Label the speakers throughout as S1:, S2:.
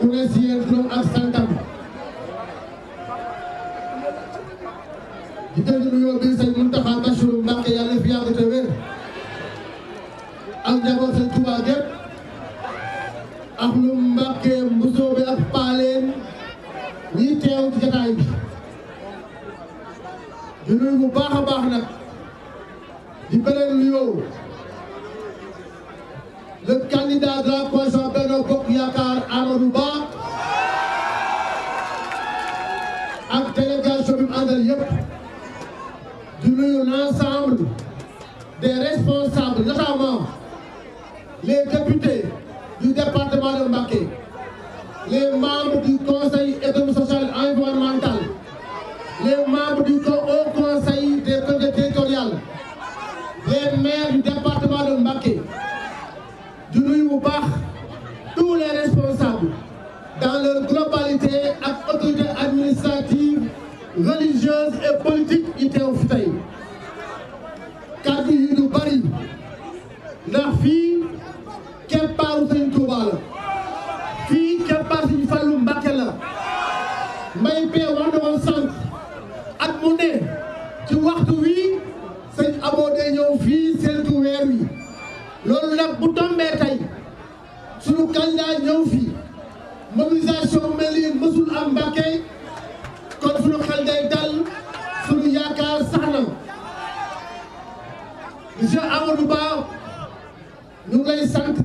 S1: kuresiyeetum ak santam di tënk nuyoo bi sëñ Mountakha Bassirou Mbacké yàlla fi yàgg wér ak njaboot sëñ Touba gépp ak lu Mbacké mbusoo bi ak paaleen ñi teew ci bi di nuyu baax a baax nag di beneen nuyoo le candidat de la Un ensemble des responsables, notamment les députés du département de Mbaké, les membres du Conseil économique, social et environnemental, religieuse et politique yi fi tey kàddu yi du bari ndax fii keppaaru Sëñ Tuuba fii keppaaru Sëñ Fallu Mbàkke la mbay pee wax na ko at mu ne ci waxtu wii sëñ Abo day ñëw fii seetu weer wi loolu nag bu tombee tey sunu candidat ñëw fii mobilisation mel ni mësul am Mbàkke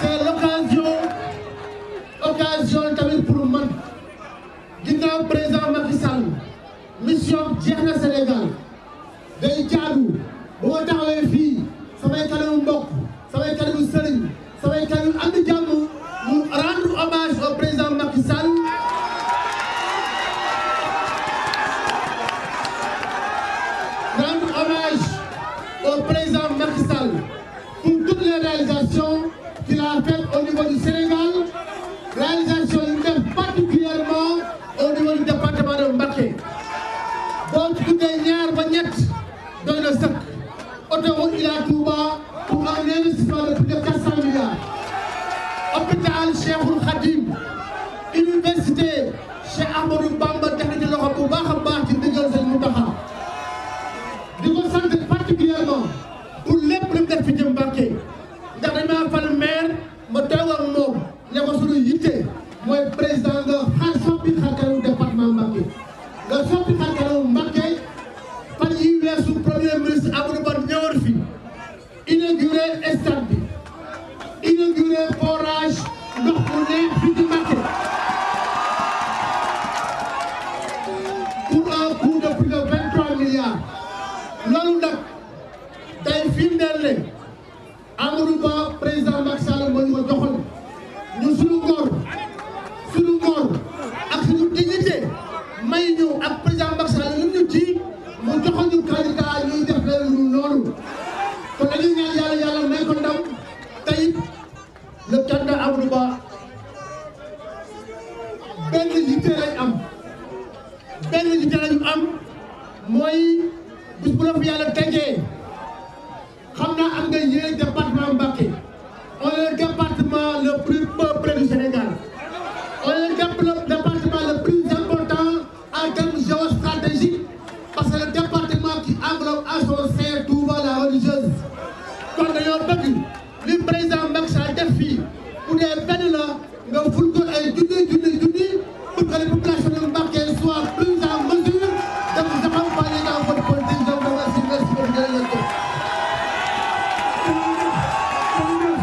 S1: c'est l'occasion occasion tamit pour man ginnaaw président Macky Sall mission jeex Sénégal day ça va être un fii samay va mbokk samay kanamu ça va être un jàmm mu rendre hommage au président Macky Sall rendre hommage au président Macky Sall pour toutes les réalisations qu'il a fait au niveau du Sénégal réalisation particulièrement au niveau du département de Donc, ñaar dans le sac. il a pour un investissement de plus de 400 milliards hôpital Cheikhoul Khadim université Cheikh Amorou Bamba qui bu baax particulièrement pour les ndax dañ maa fal maire ma toog ak moom ne ko suñu yitte mooy président nga xaar soppi xar kanamu département Mbacké nga soppi xar kanamu Mbacké fan yi weesu premier ministre Amadou Ba ñëwoon fi inauguré stade bi inauguré forage ndox mu neex fii ci Mbacké pour un coût de plus de vingt trois milliards loolu nag day firndeel ne Amadou Ba président Macky Sall ma joxoon ñu suñu ngor suñu ngor ak suñu dignité may ñu ak président Macky Sall lu ñu ci mu joxoon ñu candidat ñuy def leen loolu kon dañuy ñaan yàlla yàlla may ko ndam tey le candidat Amadou Ba benn yitte lañ am benn yitte lañu am mooy bis bu la fi On a am nga département Mbacké on est le département le plus peuplé du Sénégal on est le département le plus important en termes géostratégiques parce que le département qui englobe à son sein Touba la religieuse kon dañoo bëgg le président Macky Sall def fii bu dee benn la nga ful ay junni